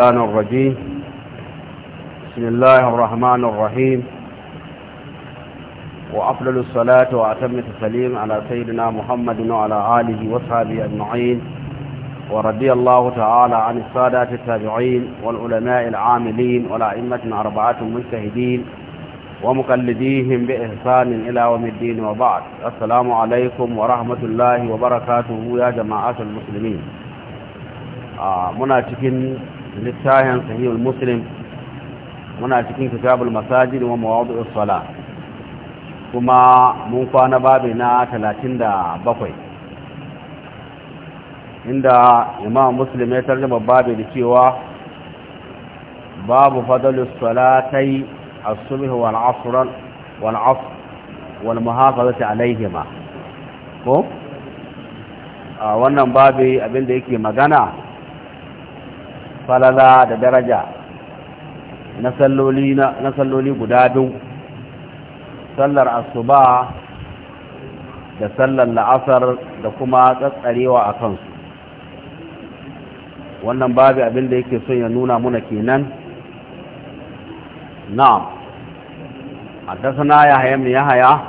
الشيطان الرجيم بسم الله الرحمن الرحيم وأفضل الصلاة وأتم التسليم على سيدنا محمد وعلى آله وصحبه أجمعين ورضي الله تعالى عن السادات التابعين والعلماء العاملين والأئمة أربعة المجتهدين ومقلديهم بإحسان إلى يوم الدين وبعد السلام عليكم ورحمة الله وبركاته يا جماعة المسلمين آه منا littafin sahihul muslim muna cikin kitabul masajid wa mawadu sala kuma mun kwana babu na 37 inda imam muslim ya tarjama babu da cewa babu fadalus salatai as-subh wal asr wal asr wal muhafazati alayhima ko wannan abin abinda yake magana falala da daraja na salloli guda biyu sallar asuba da sallar la'asar da kuma tsatsarewa a kansu wannan babu abin da yake son ya nuna muna kenan na'am haya يحيى ya haya?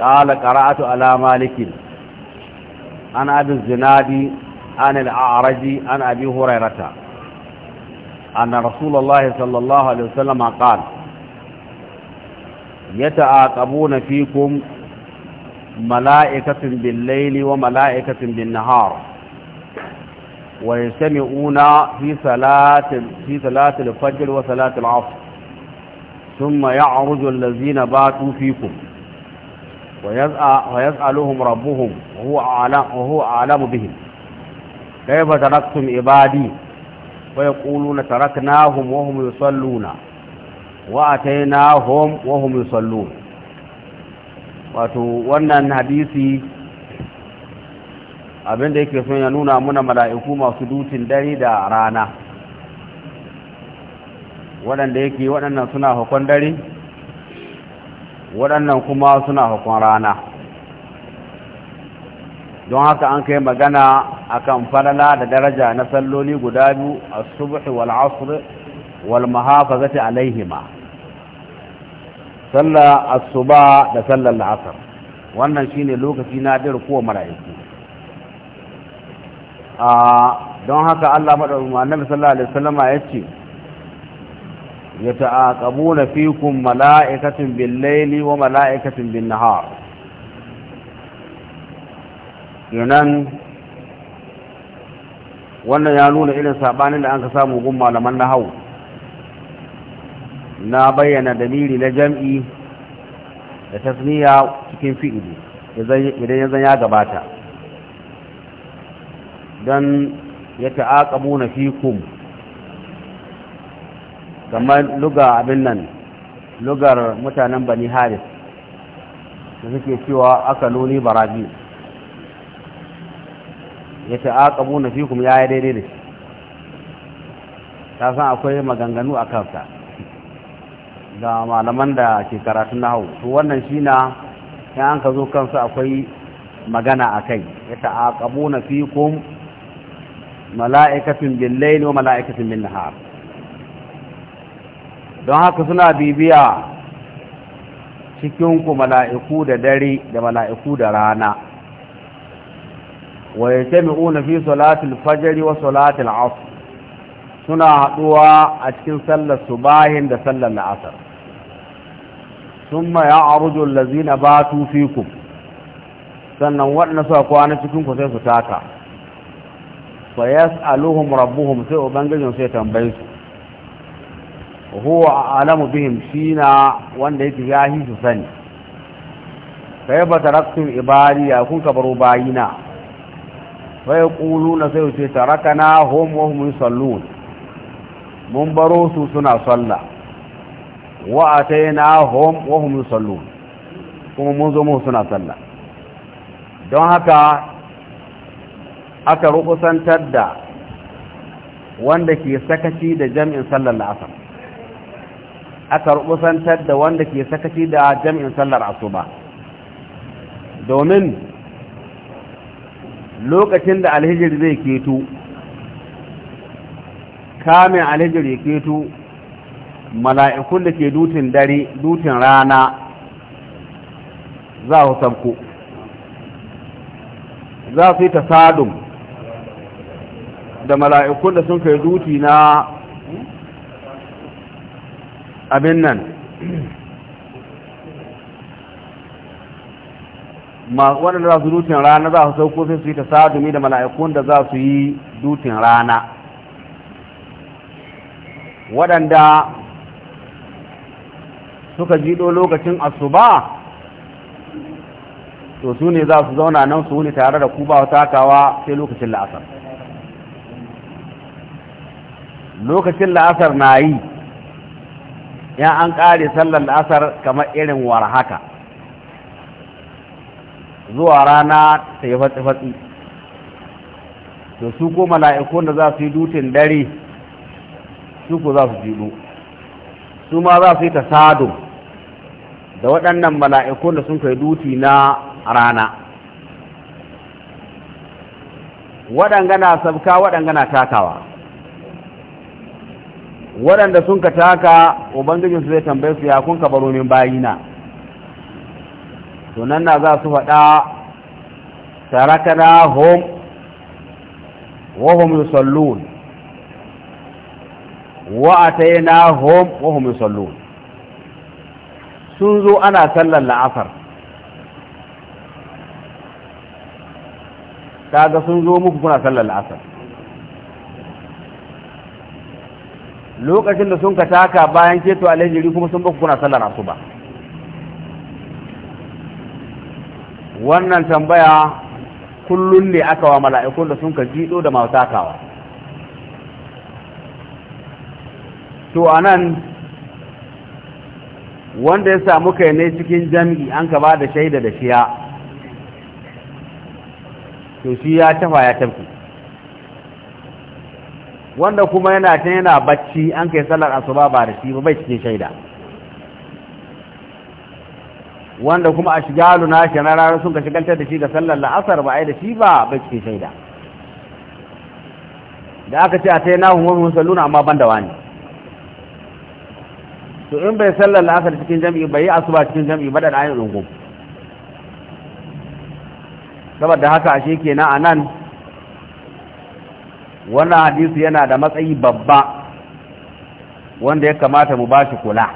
قال ƙara'atu على مالك An أبي الزنادي عن الأعرج عن أبي هريرة أن رسول الله صلى الله عليه وسلم قال يتعاقبون فيكم ملائكة بالليل وملائكة بالنهار ويجتمعون في صلاة في صلاة الفجر وصلاة العصر ثم يعرج الذين باتوا فيكم ويسألهم ربهم وهو أعلم, وهو أعلم بهم kaifa taraktum ibadi wa yaquluna taraknahum wa hum yusalluna wa atainahum wa hum yusallun wato wannan hadisi abinda yake so ya nuna muna mala'iku masu dutin dare da rana waɗanda yake waɗannan suna hukun dare waɗannan kuma suna hukun rana don haka an kai magana akan falala da daraja na salloli guda biyu a subuhi wal asr wal mahafazati alaihima sallar asuba da sallar la'asar wannan shine lokaci na dir ko mala'iku a don haka Allah madaukakin annabi sallallahu alaihi wasallama yace yata'aqabuna fikum mala'ikatun bin laili wa mala'ikatun bin-nahar kenan wannan ya nuna irin sabanin da an ka samu gun malaman na hau na bayyana dalili na jam'i da tasniya cikin fi'ili idan ya zan ya gabata don ya ta'aƙamu na fikum kamar luga abin nan lugar mutanen bani haris da suke cewa aka nuni baraji ya ta'aqabu na fikun ya yi daidai da shi ta san akwai maganganu a kansa da malaman da ke karatun hau. to wannan shi na in an ka zo kansa akwai magana a kai ya ta'aqabu na fikum mala'ikatun ne wa mala'ikatun bin nahar don haka suna bibiya cikinku mala'iku da dare da mala'iku da rana wa ya fi una fi salatul fajri wa salatul asr suna haɗuwa a cikin sallar subahin da sallar asr thumma ya'rujul ladzina batu fikum sannan wadanda suka kwana cikin ku sai su taka fa yas'aluhum rabbuhum sai ubangijin sai tambaye su huwa a'lamu bihim shina wanda yake yahi su sani Ka ba taraktum ibadi ya kun kabaru bayina fai na sai wuce tarakana hum wa hum yusallun mun baro su suna salla wa ataina hum wa hum yusallun kuma mun zo mu suna salla don haka aka rukusantar da wanda ke sakaci da jam'in sallar la'asar aka rukusantar da wanda ke sakaci da jam'in sallar asuba domin lokacin da alhijir zai keto kamin alhijir ya keto mala'ikun da ke dutin dare dutin rana za su sabko za su yi tasadum da mala'ikun da sun kai duti na abin nan waɗanda za su dutin rana za su sauko sai su yi ta sadumi da mala'ikun da za su yi dutin rana waɗanda suka jido lokacin asuba to su ne za su zauna nan su wuni tare da ku ba takawa sai lokacin la'asar lokacin la'asar na yi ya an ƙare sallar la'asar kamar irin war haka zuwa rana ta yi fatsi-fatsi da su ko mala'ikun da za su yi dutin dare su ko za su jido su ma za su yi tasado da waɗannan mala'ikun da sun kai duti na rana waɗanga na sabka waɗanga na takawa waɗanda sun ka taka ubangijinsu zai tambaye su ya kun ka baro min bayina sunan na za su faɗa tarakana hom wahum yusallun wa'ataina hom wahum yusallun sun zo ana sallar la'asar kaga sun zo muku kuna sallar la'asar lokacin da sun ka taka bayan keto alhijiri kuma sun baku kuna sallar asuba ba wannan tambaya kullum ne aka wa mala'ikun da sun ka jido da mautakawa to anan wanda ya samu kai ne cikin jami'i an ka ba da shaida da shiya to shi ya tafa ya tafi wanda kuma yana can yana bacci an kai salar asuba ba da shi ba bai cikin shaida wanda kuma a shigalu na shi na ranar sun ka shigantar da shi da sallar la'asar ba a yi da shi ba bai cikin shaida da aka ce a ta yi na hun wani salluna amma ban da wani to in bai sallar la'asar cikin jam'i bai yi asuba cikin jam'i ba da ayin rungu saboda haka a shi kenan a nan wannan hadisi yana da matsayi babba wanda ya kamata mu ba shi kula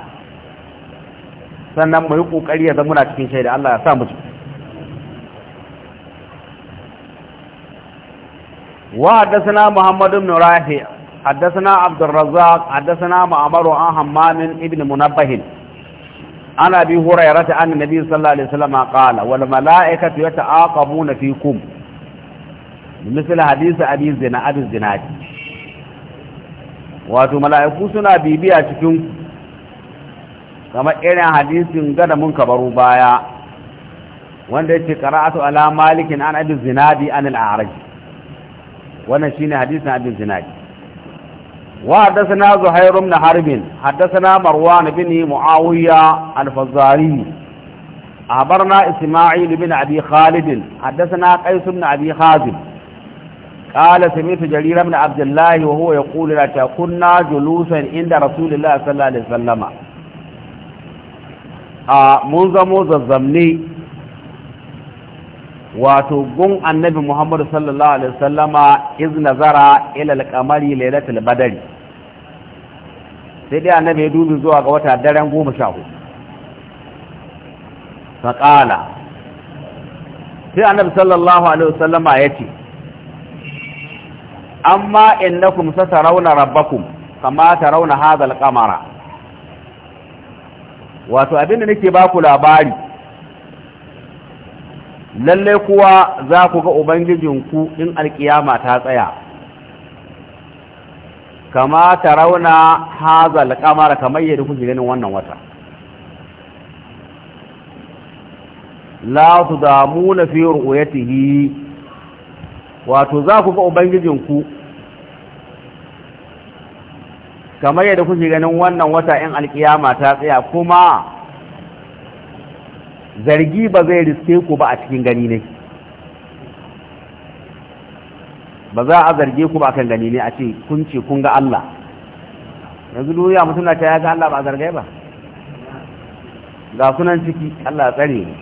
sannan mai kokari ya zama cikin shaida Allah ya sa mu wa haddathana muhammad ibn rafi haddathana abd arrazzaq haddathana ma'amaru an hammam ibn munabbah an abi hurayra ta an nabi sallallahu alaihi wasallam qala wal mala'ikatu yata'aqabuna fikum misal hadith abi zina abi zinadi wato mala'iku suna bibiya cikin kamar irin hadisin gada mun kabaru baya wanda yake qara'atu ala malikin an abi zinadi an al-a'raj wannan shine hadisin abi zinadi wa hadathana zuhair ibn harb hadathana marwan ibn muawiya al-fazari أخبرنا إسماعيل بن أبي خالد حدثنا قيس بن أبي خازم قال سمعت جرير بن عبد الله وهو يقول لا كنا جلوسا عند رسول الله صلى الله عليه وسلم a mun zamo zazzamne wato gun annabi muhammadu sallallahu alaihi wasallama iz nazara ila alqamari lailatul badri sai dai annabi ya dubi zuwa ga wata daren goma sha hudu faƙala sai annabi sallallahu alaihi wasallama ya ce amma innakum satarawna rabbakum kama rauna hadha alqamara wato abinda nake ba ku labari lalle kuwa za ku ga ubangijinku in alkiyama ta tsaya kama ta rauna hazal kamar kamar yadda kuke ganin wannan wata la tudamuna fi ru'yatihi wato za ku ga ubangijinku kamar yadda kuke ganin wannan wata in alkiyama ta tsaya kuma zargi ba zai riske ku ba a cikin gani ne ba za a zarge ku ba kan gani ne a ce kun ce kun ga Allah yanzu duniya mutum na ta ya ga Allah ba a zargai ba ga sunan ciki Allah tsare ne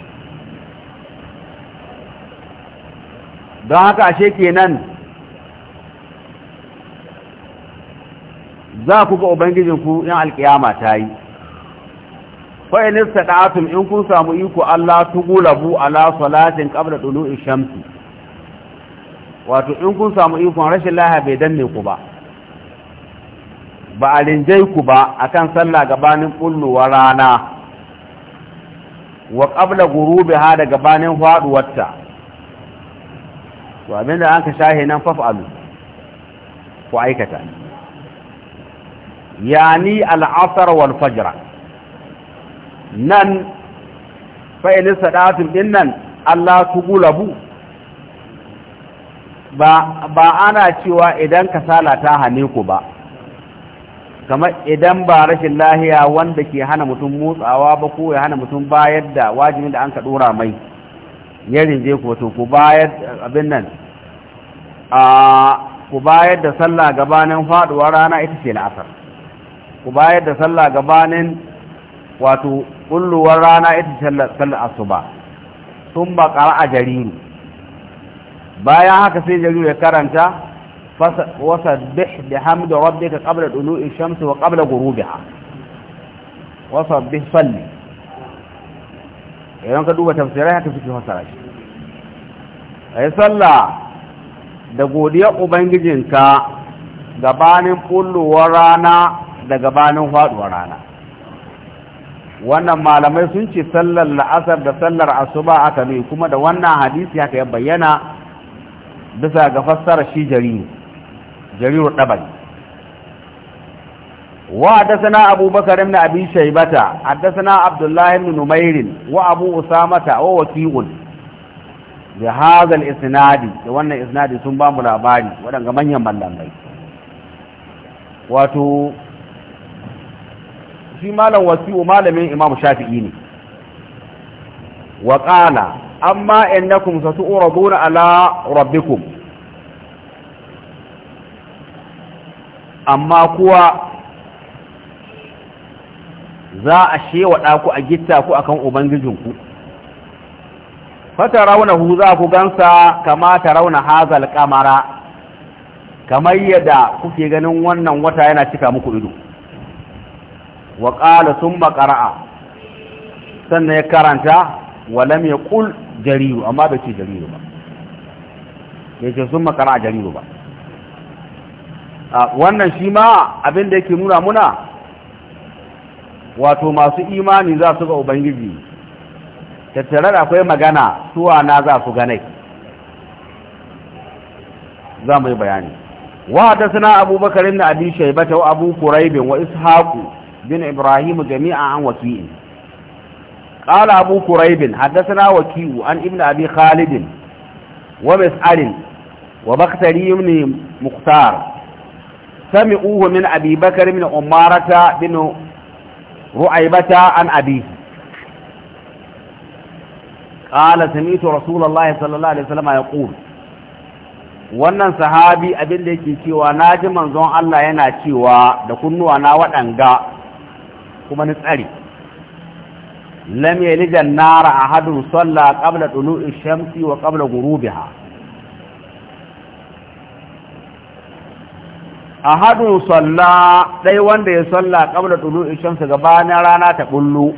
don haka ashe kenan za ku ga ubangijinku in alkiyama ta yi fa'in istada'atum in kun samu iko Allah tugulabu ala salatin qabla dulu'i shamsi wato in kun samu ikon rashin laha bai danne ku ba ba a rinjai ku ba akan sallah gabanin kulluwa rana wa qabla gurubiha da gabanin faduwarta wa abinda an ka shahe nan faf'alu ku aikata yani al'asar wal fajra nan fa'ilin sadatin din nan Allah tugulabu ba ba ana cewa idan kasala ta hane ku ba kamar idan ba rashin lahiya wanda ke hana mutum motsawa ba ko ya hana mutum bayar da wajibin da an ka dora mai ya je ku to ku bayar abin nan a ku bayar da sallah gabanin faduwar rana ita ce la'asar ku bayar da sallah gabanin wato kulluwar rana ita sallar asuba sun ba a jariru bayan haka sai jariru ya karanta wasabbih bihamdi rabbika qabla dulu'i shamsi wa qabla ghurubiha wasabbih salli idan ka duba tafsirai haka suke fasara shi ayi sallah da godiya ubangijinka gabanin kulluwar rana da gabanin faduwar rana wannan malamai sun ce sallar la'asar da sallar asuba aka ne kuma da wannan hadisi aka ya bayyana bisa ga fassarar shi jarir jarir dabal wa da Abu Bakar ibn Abi Shaybata haddathana Abdullah ibn Numair wa Abu Usama ta wa Waqi'un da hadha isnadi da wannan isnadi sun ba mu labari wadanga manyan mallamai wato shi malam wasi'u malamin imam shafi'i ne wa qala amma innakum satu'raduna ala rabbikum amma kuwa za a shewaɗa ku a gitta ku akan ubangijinku fata hu za ku gansa kama ta rauna hazal kamara kamar yadda kuke ganin wannan wata yana cika muku ido wa ƙala sun makara'a sannan ya karanta walam ya ƙul jariru amma bai ce jariru ba ya ce sun makara'a jariru ba wannan shi ma abin da yake nuna muna wato masu imani za su ga ubangiji tattare da akwai magana suwa na za su ganai za mu yi bayani wa da suna abubakar na abin shaibata wa abu kuraibin wa ishaku بن إبراهيم جميعا عن وكيء قال أبو كريب حدثنا وكيء عن ابن أبي خالد ومسأل وبختري بن مختار سمعوه من أبي بكر من أمارة بن رعيبة عن أبيه قال سمعت رسول الله صلى الله عليه وسلم يقول wannan sahabi abin da yake cewa na ji manzon Allah yana cewa da kunnuwa na waɗanga kuma ni tsari lam yalija nara ahadun salla qabla tulu'i shamsi wa qabla ghurubiha ahadun salla dai wanda ya salla qabla tulu'i shamsi gabanin rana ta bullu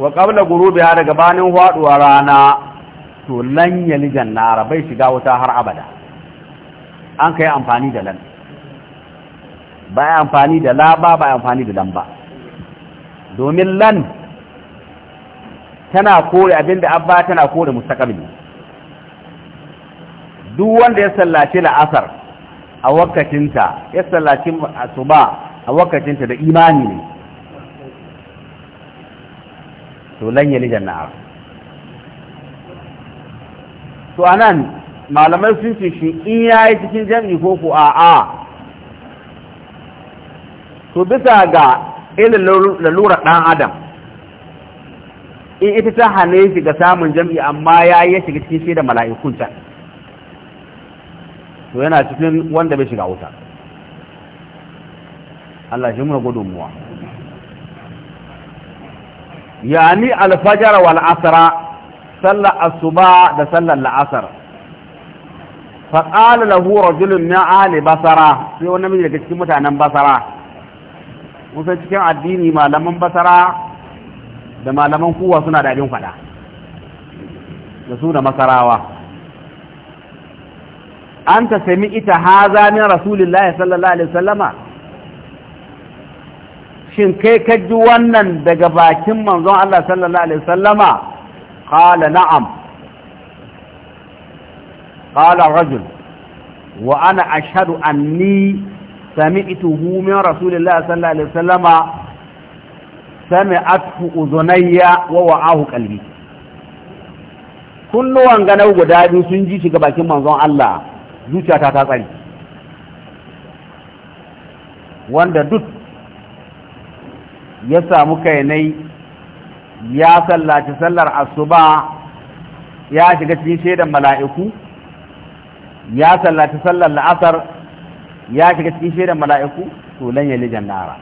wa qabla ghurubiha daga banin faduwar rana to lan yalijan nara bai shiga wuta har abada an kai amfani da lan ba ya amfani da laba ba ya amfani da lamba domin lan tana kore abinda abba tana kore mustaqbali duk wanda ya sallace la'asar a wakatinta ya sallace asuba a wakatinta da imani ne to lan yali jannar to anan malamai sun ce shi in yayi cikin jami'i ko ko a'a su bisa ga ilin lalura ɗan adam in ita ta hane shi ga samun jam'i amma ya yi shiga cikin shi da mala'ikun can to yana cikin wanda bai shiga wuta Allah shi muna gudunmuwa ni alfajar wal asra sallar asuba da sallar la'asar faƙalala hu rajulun na ahli basara sai wani namiji daga cikin mutanen basara musan cikin addini malaman basara da malaman kuwa suna da abin faɗa da su da masarawa an ta sami ita haza min rasulillah sallallahu alaihi wasallama shin kai kaji wannan daga bakin manzon Allah sallallahu alaihi wasallama qala na'am qala rajul wa ana ashhadu anni سمعته من رسول الله صلى الله عليه وسلم سمعته أذني ووعاه قلبي kunnuwan ganau guda biyu sun ji shiga bakin manzon Allah zuciyata ta tsari wanda duk ya samu kainai ya sallaci sallar asuba ya shiga cikin shaidan mala'iku ya sallaci sallar la'asar ya shiga cikin shaidan mala'iku to lan yali jannara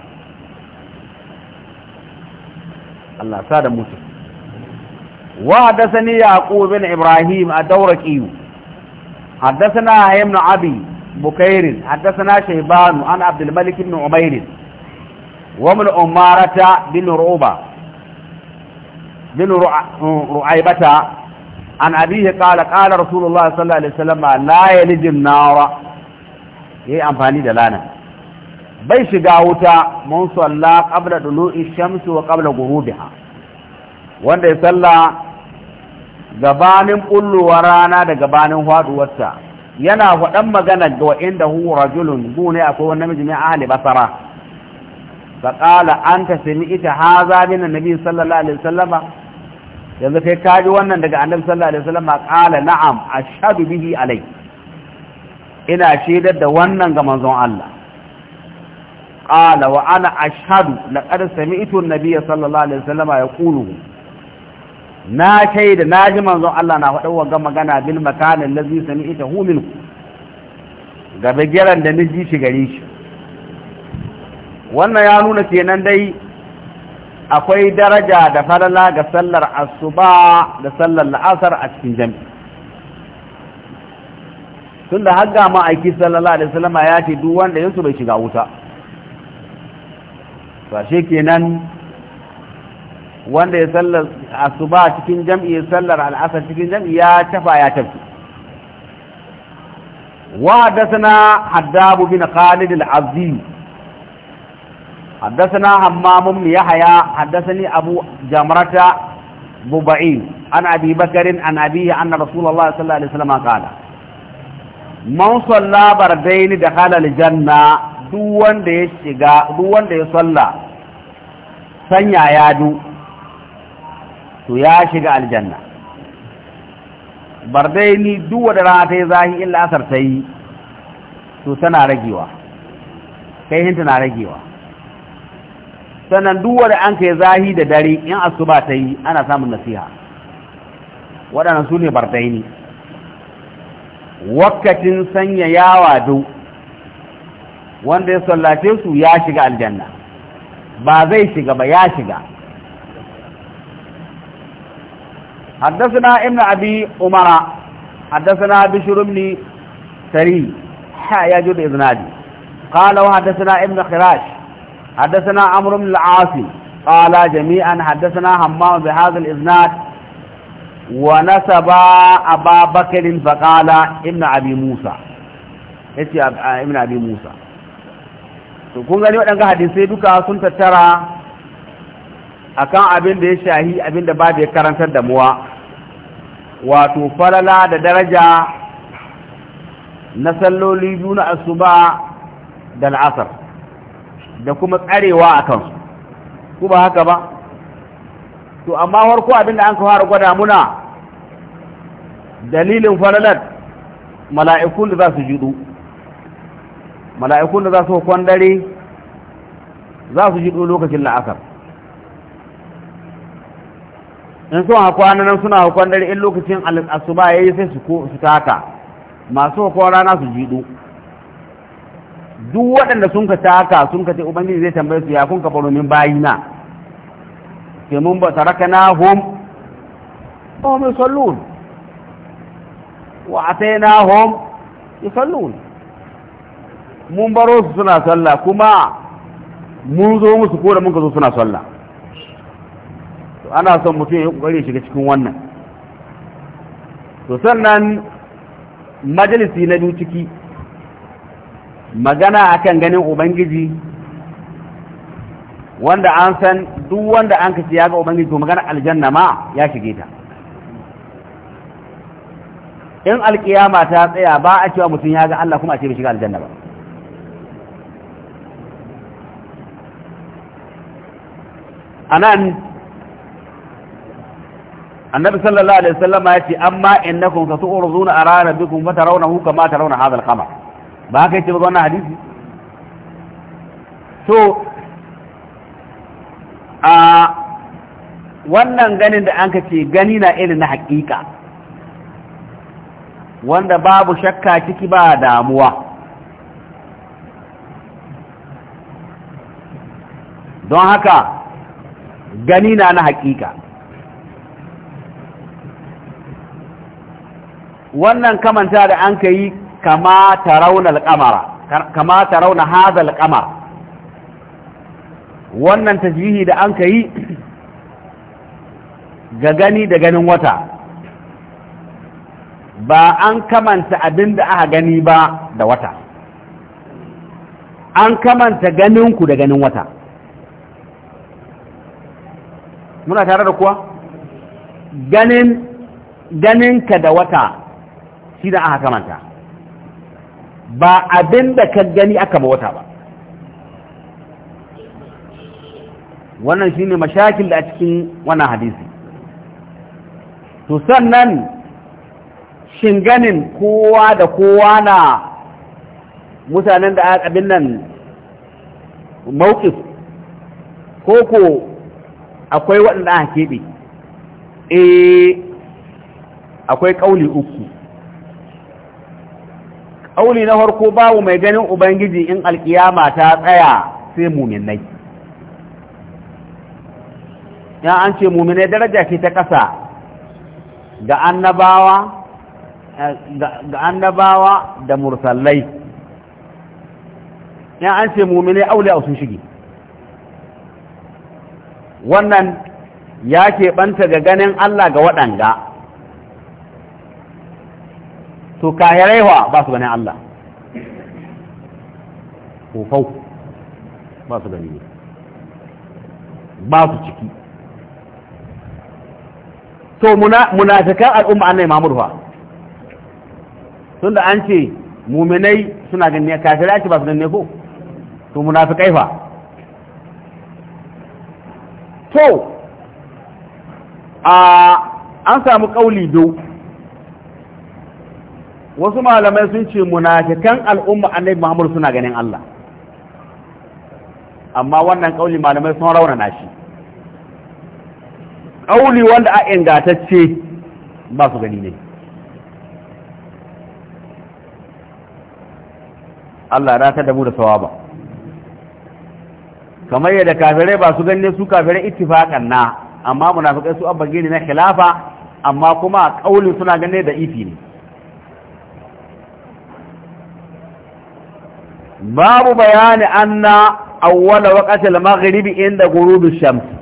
Allah sa da mutu wa Haddasa yaqub bin ibrahim ad-dawraqi hadathana ibn abi bukair hadathana shayban an abd al-malik ibn umayr wa min umarata bin ruba bin ru'aybata an abihi qala qala rasulullah sallallahu alaihi wasallam la yalij an-nara ya yi amfani da lana bai shiga wuta mun salla qabla dulu'i shamsu wa qabla ghurubiha wanda ya salla gabanin bulluwar rana da gabanin faduwarta yana faɗan magana ga inda hu rajulun gune akwai wani namiji mai ahli basara fa qala anta sami'ta hadha min annabi sallallahu alaihi wasallama yanzu kai kaji wannan daga annabi sallallahu alaihi wasallama qala na'am ashhadu bihi alayhi ina shaidar da wannan ga manzon Allah qala wa ana ashhadu laqad sami'tu an-nabiy sallallahu alaihi wasallam yaqulu na shaida ji manzon Allah na faɗa wa magana bil makan allazi sami'tahu min ga bigiran da niji shi gare shi wannan ya nuna kenan dai akwai daraja da falala ga sallar asuba da sallar la'asar a cikin jami'i tun da har ga ma'aiki sallallahu alaihi wasallam ya ce duk wanda yansu bai shiga wuta ba kenan wanda ya sallar asuba cikin jam'i ya sallar al'asar cikin jam'i ya tafa ya tafi وحدثنا حداب بن خالد العبدي حدثنا حمام بن يحيى حدثني أبو جمرة ببعي عن أبي بكر عن أبيه أن رسول الله صلى الله عليه وسلم قال man salla bardaini da halal janna duk wanda ya shiga duk wanda ya salla sanya ya du to ya shiga aljanna bardaini duk wanda rana ta yi zahi illa asar ta yi to tana ragewa kai hinta na ragewa sannan duk wanda an kai zahi da dare in asuba ta yi ana samun nasiha waɗannan su ne bardaini wakatin sanya yawa dau wanda ya sallace su ya shiga aljanna ba zai shiga ba ya shiga حدثنا ابن أبي أمرا حدثنا بشر بن سري حا يجد إذنادي قال وحدثنا ابن خراش حدثنا عمرو بن العاصي قال جميعا حدثنا همام بهذا الإذناد ونسب أبا بكر فقال ابن ya موسى a ibn abi Musa to kun gani waɗanga hadisai duka sun tattara akan abin da ya shahi abin da babu ya karantar da muwa wato falala da daraja na salloli biyu asuba da al'asar da kuma tsarewa a kansu ku ba haka ba to amma farko abinda an fara gwada muna dalilin faralar mala'ikun da za su judu mala'ikun da za su kwandare za su judu lokacin la'asar in sun hakwana nan suna hakon dare in lokacin asuba ya yi sai su taka masu hakon rana su jido duk waɗanda sun ka taka sun ka ce ubangiji zai tambaye su ya kun ka baro min bayina kemun ba tarakanahum وهم يصلون وعطيناهم يصلون mun baro su suna sallah kuma mun zo musu ko da mun ka zo suna sallah to ana son mutum ya kokari shiga cikin wannan to sannan majalisi na biyu ciki magana akan ganin ubangiji wanda an san duk wanda an kace ya ga ubangiji to magana aljanna ma ya shige ta in alkiyama ta tsaya ba a cewa mutum ya ga Allah kuma a ce bai shiga aljanna ba anan annabi sallallahu alaihi wasallam ya ce amma innakum satu'ruzuna ara rabbikum fatarawnahu kama tarawna hadha al-qamar ba haka ce ba wannan hadisi to a wannan ganin da an ce gani na irin na haƙiƙa wanda babu shakka ciki ba damuwa don haka gani na na haƙiƙa wannan kamanta da an ka yi kama ta raunar kamara kama ta raunar wannan tasbihi da an yi ga gani da ganin wata ba an kamanta abin da aka gani ba da wata an kamanta ganinku da ganin wata muna tare da kuwa ganin ganinka da wata shi da aka kamanta ba abin da ka gani aka ba wata ba wannan shine mashakil da a cikin wannan hadisi to sannan shin ganin kowa da kowa na mutanen da bin nan mawqif koko akwai waɗanda aka keɓe eh akwai ƙauli uku ƙauli na harko babu mai ganin ubangiji in alƙiyama ta tsaya sai muminai ya an ce muminai daraja ce ta ƙasa ga annabawa eh, ga annabawa da mursalai ya an ce aule a sun shige wannan ya keɓanta ga ganin Allah ga waɗanga? to kahiraiwa ba su ganin Allah kofau ba su gani ba su ciki to munafikan al'umma annai mamur fa tunda an ce muminai suna ganin kafirai ake ba su ganin ko to munafikai fa to a an samu kauli do wasu malamai sun ce munafikan al'umma annai mamur suna ganin Allah amma wannan kauli malamai sun raunana shi ƙauli wanda a ingatacce ba su gani ne Allah ya da mu da sawaba kamar yadda kafirai ba su gani su kafirai ittifaqan na amma munafikai su abba gini na khilafa amma kuma ƙaulin suna gane da ifi ne babu bayani anna awwala waqtil maghribi inda ghurubi shams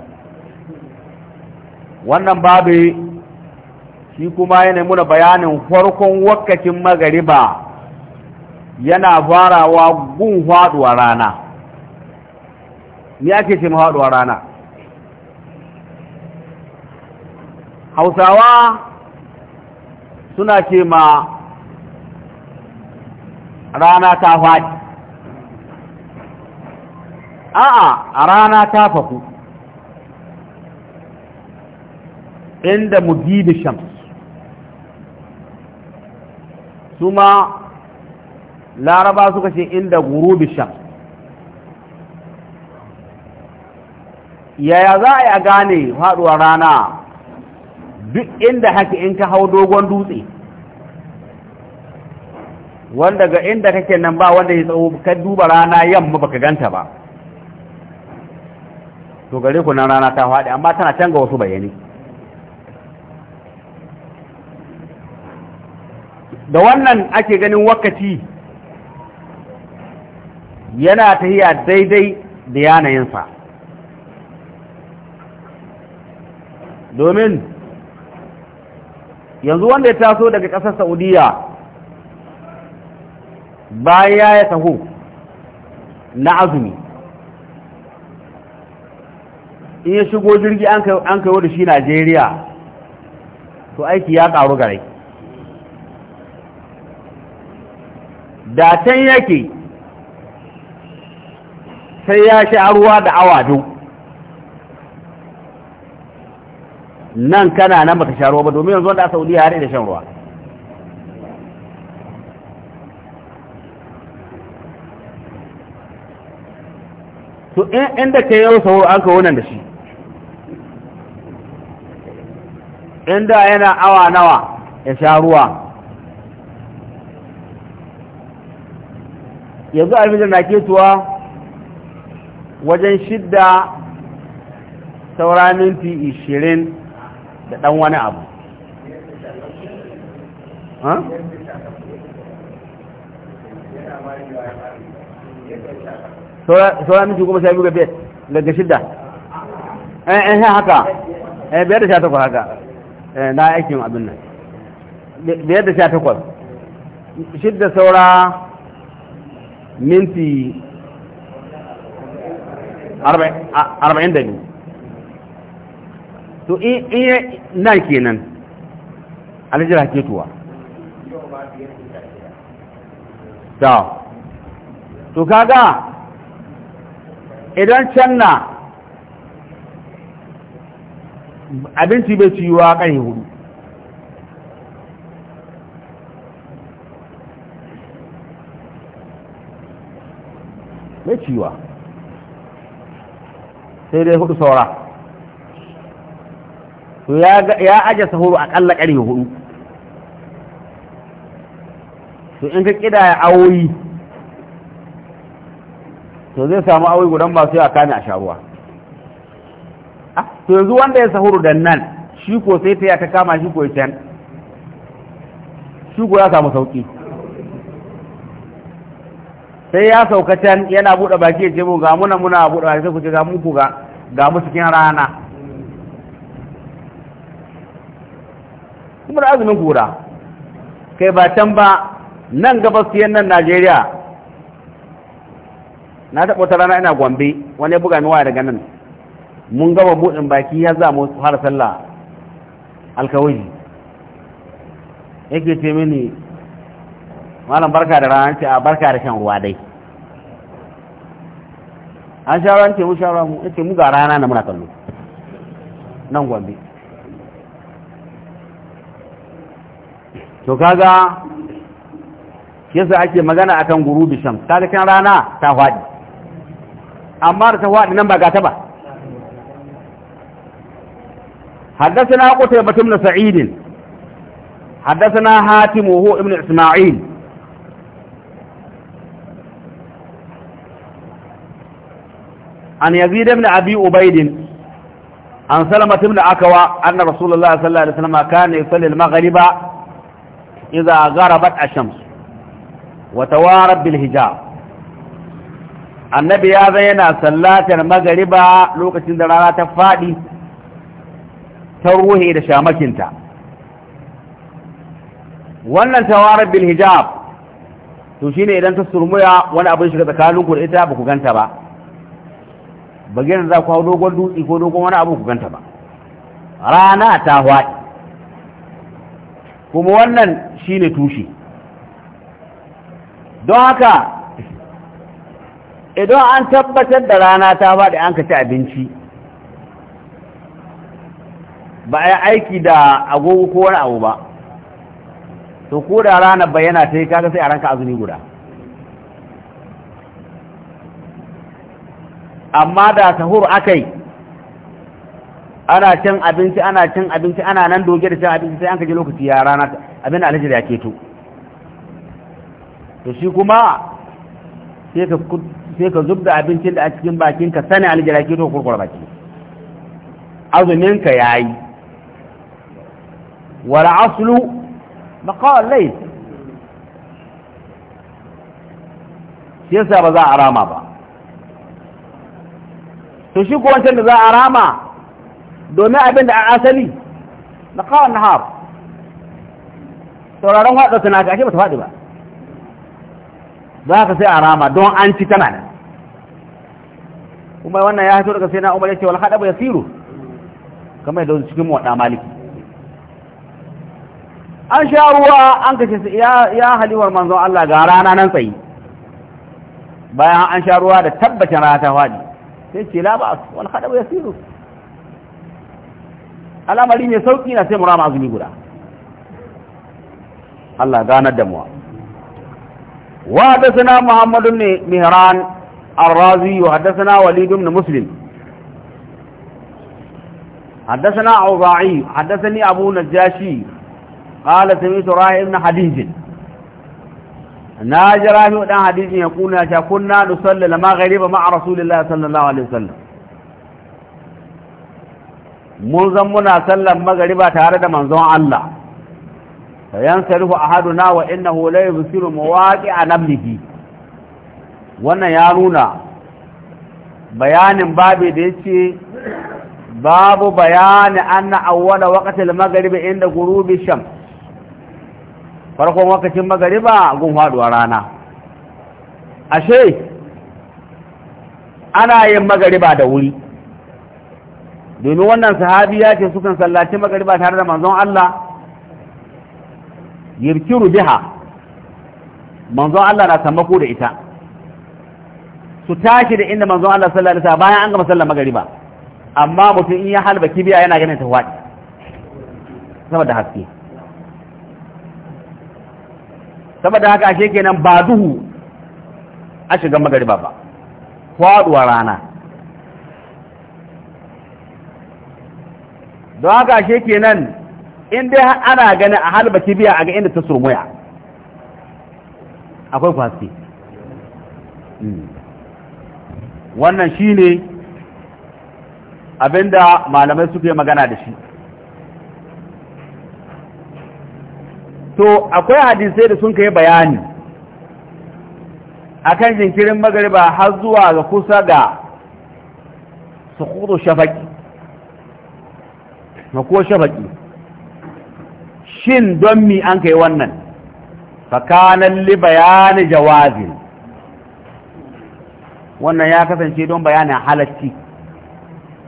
wannan babu shi kuma yana muna bayanin farkon wakacin magariba yana farawa gun faduwar rana ni ake ce faduwar rana hausawa suna ce ma rana ta faɗi a'a a rana ta faku inda mugibi shams suma laraba suka ce inda gurubi shams yaya za a gane faduwar rana duk inda haka in ka hau dogon dutse wanda ga inda kake nan ba wanda ya tsawo ka duba rana yamma baka ganta ba to gare ku nan rana ta faɗi amma tana canza wasu bayani da wannan ake ganin wakati yana ta tahiya daidai da yanayinsa domin yanzu wanda ya taso daga ƙasar saudiya baya ya taho na azumi in ya shigo jirgi an kai da shi najeriya to aiki ya ƙaru gare da can yake sai ya sha ruwa da awa biyu nan kana nan baka sha ruwa ba domin yanzu wanda a saudiya har da shan ruwa to inda ka yi sau an kawo nan da shi inda yana awa nawa ya sha ruwa yanzu alfijir na ketuwa wajen shidda saura minti ishirin da ɗan wani abu saura minti kuma sha biyu ga biyar daga shidda ɗan eh, eh, haka eh, biyar da sha takwas haka na aikin abin nan biyar da sha takwas shidda saura minti arba'in da biyu to in yi nan kenan aljira ke tuwa to to kaga idan can na abinci bai ciwa ƙarfe hudu bai ciwa sai dai hudu saura to ya aje sahuru akalla ƙarfe hudu to in ka ya awoyi to zai samu awoyi gudan masu yawa kame a sharuwa ah, to yanzu wanda ya sahuru da nan shi ko sai ta ya ta kama shi ko ya can shi ko ya samu sauki sai ya sauka can yana buɗe baki ya ce mu ga muna muna buɗe baki sai ku ce ga muku ga ga mu cikin rana kuma da azumin kura kai ba can ba nan gabas yan nan Najeriya na taɓa wata rana ina Gombe wani ya buga ni waya daga nan mun gaba buɗin baki ya za mu fara sallah alkawai yake ce mini malam barka da rana ce a barka da shan ruwa dai an sha ruwa ce mu sha ruwa mu ce mu ga rana na muna kallo nan gombe to kaga yasa ake magana akan gurubi ta da kan rana ta faɗi amma da ta faɗi nan ba ga ta ba حدثنا قتيبة بن سعيد حدثنا هاتم وهو ابن إسماعيل an yazi yazid ibn abi ubayd an salama ibn akwa anna rasulullah sallallahu alaihi wasallam kana yusalli al-maghriba idha gharabat ash-shams wa tawarat bil hijab annabi ya zai yana sallatar magariba lokacin da rana ta faɗi ta ruhe da shamakinta wannan tawarar bil hijab to shine idan ta surmuya wani abin shiga tsakanin ku da ita ba ku ganta ba ba gidan za ku hau dogon dutse ko dogon wani abu ku ganta ba rana ta haɗi kuma wannan shi ne tushe don haka idan an tabbatar da rana ta faɗi an ka ci abinci ba a yi aiki da agogo ko wani abu ba to ko da rana bayyana ta yi kaga sai a ranka azumi guda amma da sahur akai ana cin abinci ana cin abinci ana nan doge da cin abinci sai an kaji lokaci ya rana abin da alhaji da ya keto to shi kuma sai ka zub da abincin da a cikin bakin ka sani alhaji da ya keto kurkura baki azumin ka yayi wal aslu maqal layl sai yasa ba za a rama ba to shi ko wancan da za a rama domin abin da a asali na kawon na haɓ sauraron haɗa suna ka ake ba ta faɗi ba za ka sai a rama don an ci tana ne kuma wannan ya haito daga sai na umar ya ce wal haɗa ba ya siru kamar yadda cikin waɗa maliki an sha ruwa an kashe su ya halimar manzon Allah ga rana nan tsayi bayan an sha ruwa da tabbacin rana ta faɗi sai ce la ba wal ya siru al'amari mai sauƙi na sai murama azumi guda Allah ganar da muwa wa hadathana muhammadu ne mihran ar yi wa hadathana haddasa na muslim حدثنا عباعي حدثني أبو نجاشي قال سميت راهي بن حديث na ji rami dan hadisin ya kuna sha kunna nusalli lama ghariba ma'a rasulillahi sallallahu alaihi wasallam mun zan muna sallan magariba tare da manzon Allah sayan sarifu ahaduna wa innahu la yusiru mawaqi'a nablihi wannan ya nuna bayanin babu da yace babu bayani anna awwala waqtil maghribi inda ghurubi shams farkon wakacin magariba gun faduwa rana ashe ana yin magariba da wuri domin wannan sahabi ya ce sukan sallaci magariba tare da manzon Allah yirkiru biha manzon Allah na sammako da ita su tashi da inda manzon Allah sallallahu alaihi bayan an gama sallar magariba amma mutum in ya halba kibiya yana ganin ta faɗi saboda haske saboda haka ashe kenan ba duhu a shiga magariba ba faduwa rana don haka ashe kenan in dai ana gani a halba kibiya a ga inda ta surmuya akwai kwasi, hmm. wannan shine abinda malamai suke magana da shi to akwai hadisai da sun kai bayani akan jinkirin magariba har zuwa ga kusa ga sukutu shafaki ko shafaki shin don mi an kai wannan fakanan li bayani jawazin wannan ya kasance don bayanin halacci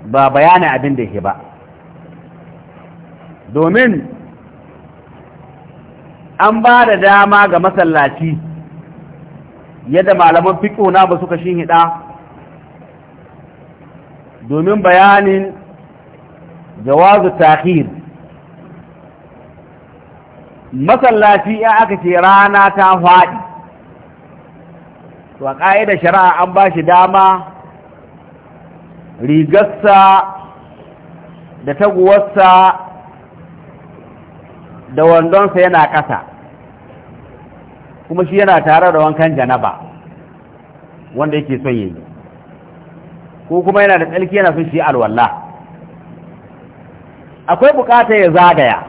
ba bayani abin da ke ba domin an ba da dama ga masallaci yadda malaman fiƙo na ba suka shi hida domin bayanin jawazu takhir masallaci ya aka ce rana ta faɗi to a ƙa'idar shari'a an ba shi dama rigarsa da taguwarsa da wandonsa yana ƙasa kuma shi yana tare da wankan janaba wanda yake son yi ko kuma yana da tsarki yana son shi alwala akwai bukata ya zagaya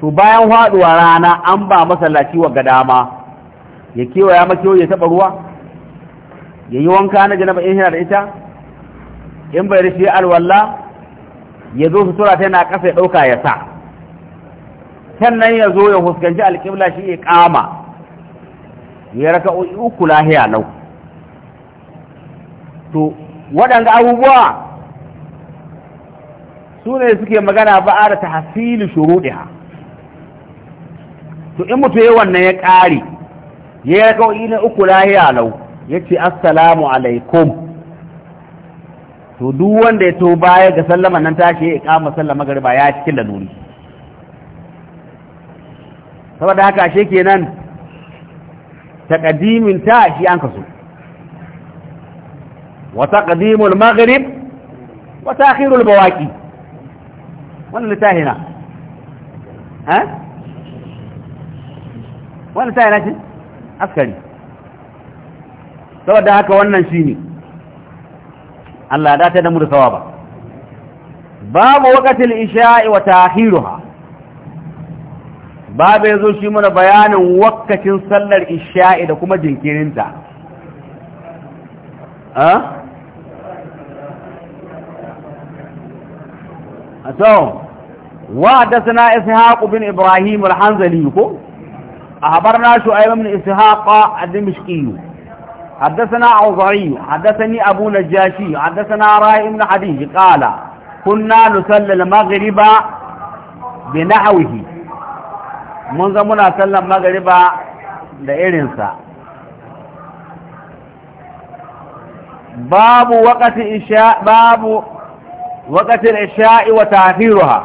to bayan haɗuwa rana an ba masallaci wa gadama ya kewaya makiyo ya taba ruwa ya yi wanka na janaba in yana da ita in bai rishi alwala ya zo su tura ta yana ƙasa ya ɗauka ya sa sannan ya zo ya huskanci alƙibla shi ya kama ya raka uku lahiya lau to waɗanda abubuwa su ne suke magana ba da ta hasili ha? to in mutu yawan wannan ya ƙari ya raka na uku lahiya lau ya ce assalamu alaikum to duk wanda ya to baya ga sallama nan tashi ya kama sallama garba ya cikin nuri saboda haka ashe kenan taqdimin ta shi an kaso wa taqdimul maghrib wa ta'khirul bawaqi wannan litahina ha eh? wannan litahina ce askari saboda haka wannan shine Allah ya dace da mu da sawaba babu waqtil isha'i wa ta'khiruha babu ya zo shi mana bayanin wakacin sallar isha’i da kuma jinkirinta a so bin ibrahim alhanzali ko a habar nashu aibamin isi haƙa a dimishkiyu حدثنا عوضعي حدثني أبو نجاشي حدثنا رأي mun ga muna sallan magariba da irinsa babu wakati isha babu isha'i wa ta'khiruha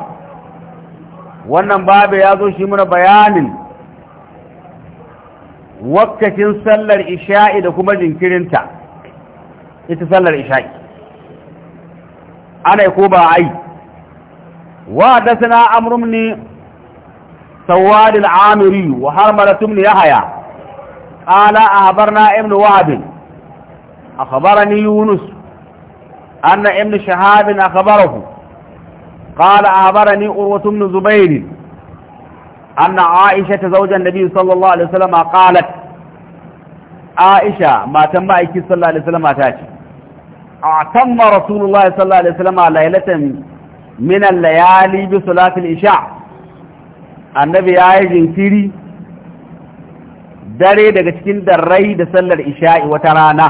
wannan babu ya zo shi muna bayanin wakacin sallar isha'i da kuma jinkirinta ita sallar isha'i ana ko ba yi. wa da sana amrumni سواد العامري وحرملة بن يحيى قال أخبرنا ابن وهب أخبرني يونس أن ابن شهاب أخبره قال أخبرني أروة بن زبير أن عائشة زوج النبي صلى الله عليه وسلم قالت عائشة ما تم أيكي صلى الله عليه وسلم أتاكي اعتم رسول الله صلى الله عليه وسلم ليلة من الليالي بصلاة الإشاع annabi ya yi jinkiri dare daga cikin darrai da sallar isha'i wata rana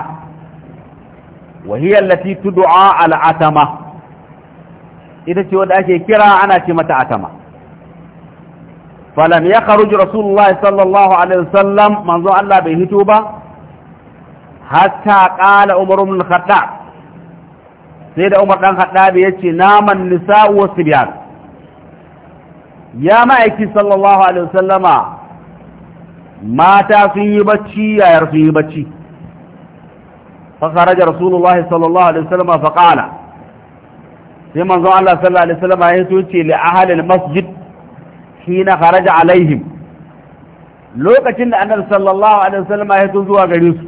wahiyar lati tudu'a al'atama ita ce wadda ake kira ana ce mata atama falam ya karuji rasulullahi sallallahu alaihi wasallam manzo Allah bai hito ba hatta kala umar ibn khattab sai da umar dan khattab yace naman nisa'u wasbiyat ya ma'aiki sallallahu alaihi wasallama mata sun yi bacci yayar sun yi bacci fasarajar rasulullah sallallahu alaihi wasallama faƙala sai manzon Allah sallallahu alaihi wasallama ya so ce li ahalil masjid hina kharaja alaihim lokacin da annabi sallallahu alaihi wasallama ya so zuwa gare su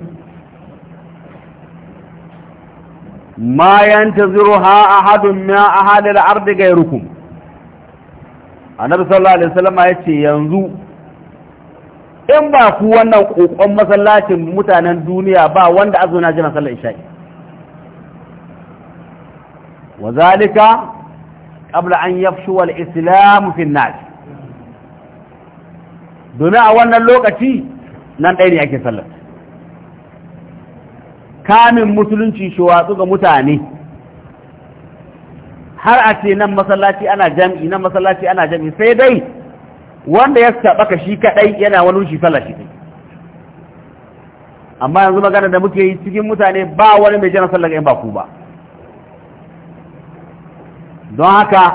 ma yantaziru ha ahadun min ahalil ardi gairukum annabi sallallahu alaihi wasallam ya ce yanzu in ba ku wannan kokon masallacin mutanen duniya ba wanda azuna jira sallar isha'i wa zalika qabla an yafshu wal islam fi an-nas dona a wannan lokaci nan dai ne ake sallar kamin musulunci shi watsu ga mutane har a ce nan masallaci ana jam'i nan masallaci ana jam'i sai dai wanda ya saba ka shi kadai yana wani shi sallah shi amma yanzu magana da muke yi cikin mutane ba wani mai jana sallah in ba ku ba don haka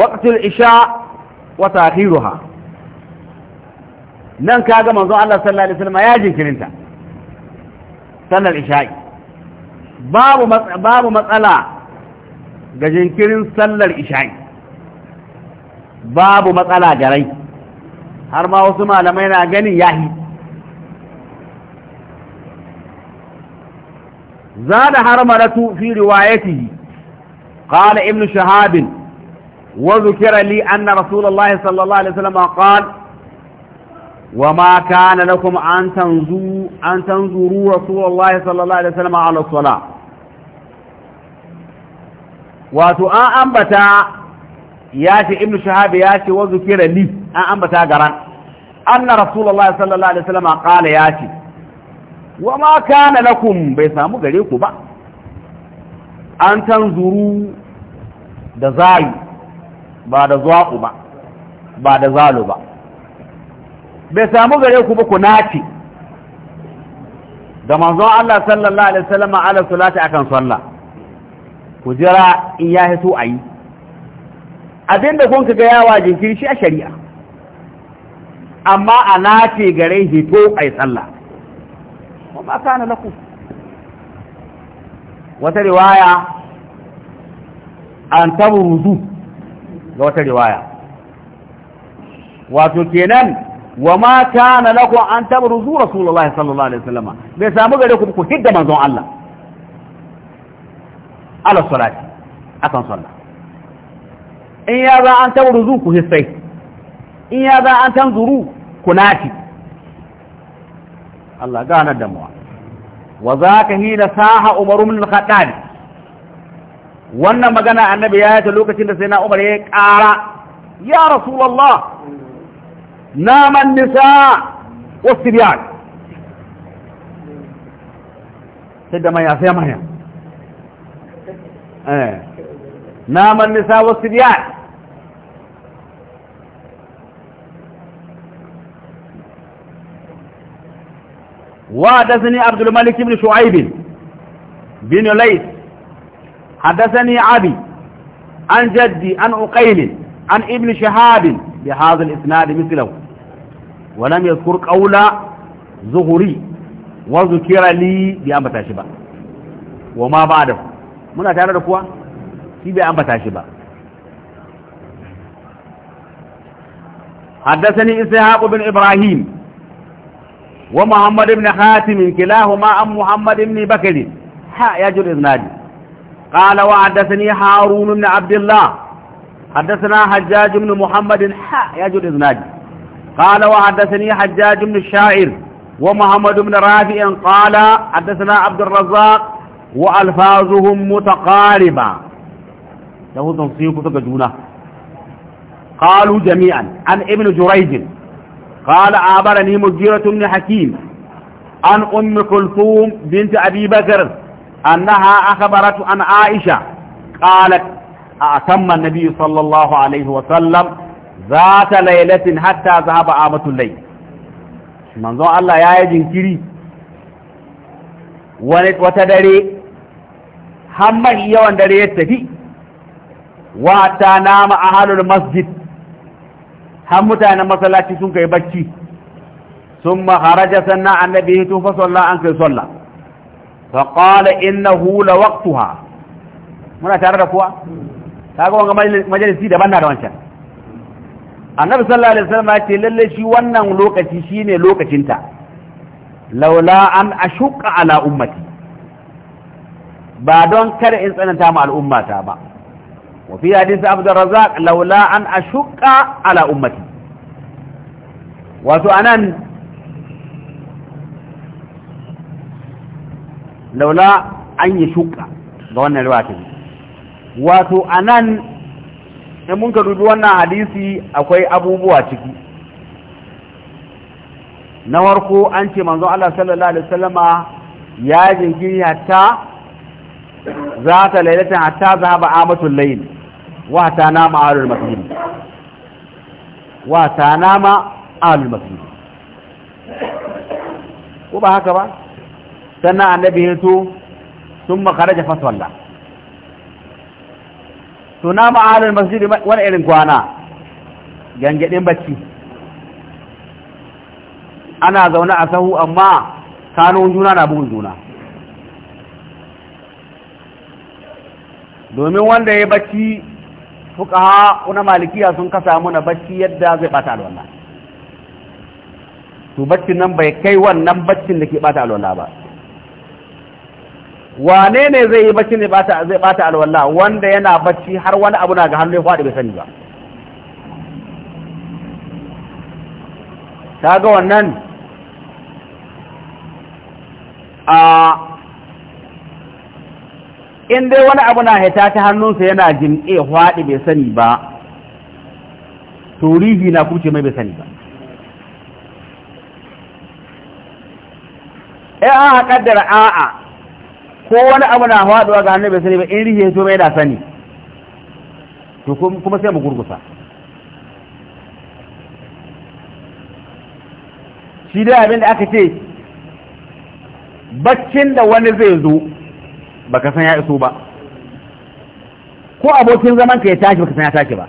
waqtul isha wa ta'khiruha nan kaga manzon Allah sallallahu alaihi wasallam ya jinkirinta sallar isha'i babu matsala ga jinkirin sallar isha'i babu matsala ga rai har ma wasu malamai na ganin yahi zada harmaratu fi riwayatihi qala ibnu shahabin wa zukira li anna rasulullahi sallallahu alaihi wasallam qala وما كان لكم أن تنزوا أن تنظروا رسول الله صلى الله عليه wato an ambata ya ce ibnu shahabi ya ce wa li an ambata garan anna rasulullah sallallahu alaihi wasallam qala ya ce wa ma kana bai samu gare ku ba an tanzuru da zayu ba ba ba da zalu ba bai samu gare ku ba ku nace da manzon Allah sallallahu alaihi wasallam ala salati akan sallah ku jira in ya hito ayi abinda kun ga yawa jinkiri shi a shari'a amma a nace gare hito ayi sallah kuma kana laku wata riwaya an taburuzu ga wata riwaya wato kenan wa ma kana lakum an tabruzu rasulullahi sallallahu alaihi wasallam bai samu gare ku ku hidda manzon Allah ala salati akan sallah in ya za an tabruzu ku hissai in ya za an tanzuru ku nati Allah ganar da mu wa zaka hina saha umar ibn al-khattab wannan magana annabi ya yi ta lokacin da sai na umar ya ƙara ya rasulullah نام النساء والصبيان سيدة مايا سيدة مايا إيه. نام النساء والصبيان وحدثني عبد الملك بن شعيب بن ليث حدثني ابي عن جدي عن عقيل عن ابن شهاب بهذا الإسناد مثله ولم يذكر قول زهري وذكر لي بأنبتا شبا وما بعده من أتعرض ركوة في بأنبتا شبا حدثني إسحاق بن إبراهيم ومحمد بن خاتم كلاهما أم محمد بن بكر ها يجل إذنادي قال وحدثني هارون بن عبد الله حدثنا حجاج بن محمد حا يجد إذناج قال وحدثني حجاج بن الشاعر ومحمد بن رافع قال حدثنا عبد الرزاق وألفاظهم متقاربة له تنصيب تجونه قالوا جميعا عن ابن جريج قال عبرني مجيرة بن حكيم عن أم كلثوم بنت أبي بكر أنها أخبرت عن عائشة قالت أتم النبي صلى الله عليه وسلم ذات ليلة حتى ذهب آمة الليل manzon Allah ya yi jinkiri wata dare hamman yawan dare ya tafi wata nama a halin masjid har mutanen masallaci sun kai bacci sun maharaja sannan annabi ya tufa sallah an kai sallah faƙala innahu la waqtuha muna tare da kuwa kaga wanga majalisi daban na da wancan annabi sallallahu alaihi wasallam ya ce lalle shi wannan lokaci shine lokacinta laula an ashuqa ala ummati ba don kada in tsananta ma al'ummata ba wa fi hadisi abdur razzaq laula an ashuqa ala ummati wato anan laula an shuka ga wannan riwaya wato anan in mun ka dubi wannan hadisi akwai abubuwa ciki na warko an ce manzo Allah sallallahu alaihi wasallama ya jinkiri hatta za ta lailatan hatta zahaba amatul layl wa ta nama alul masjid wa ta nama alul masjid ko ba haka ba sannan annabi ya to sun makaraja fasalla. suna ma'alar masjidi wani irin kwana gangadin bacci ana zaune a sahu amma kanon juna na bugun juna domin wanda ya bacci fuka na malikiya sun kasa muna bacci yadda zai bata alwala to baccin nan bai kai wannan baccin da ke bata alwala ba wane ne zai yi bacci ne zai bata alwala wanda yana bacci har wani abu na ga hannu ya faɗi bai sani ba ta ga wannan a in dai wani abu na hita ta hannunsa yana e faɗi bai sani ba turihi na kuce mai bai sani ba ya eh, a haƙaddar a'a ko wani abu na faɗuwa ga annabi sani ba in rihe to mai da sani to kuma sai mu gurgusa shi dai abin da aka ce baccin da wani zai zo baka san ya iso ba ko abokin zaman ka ya tashi baka san ya tashi ba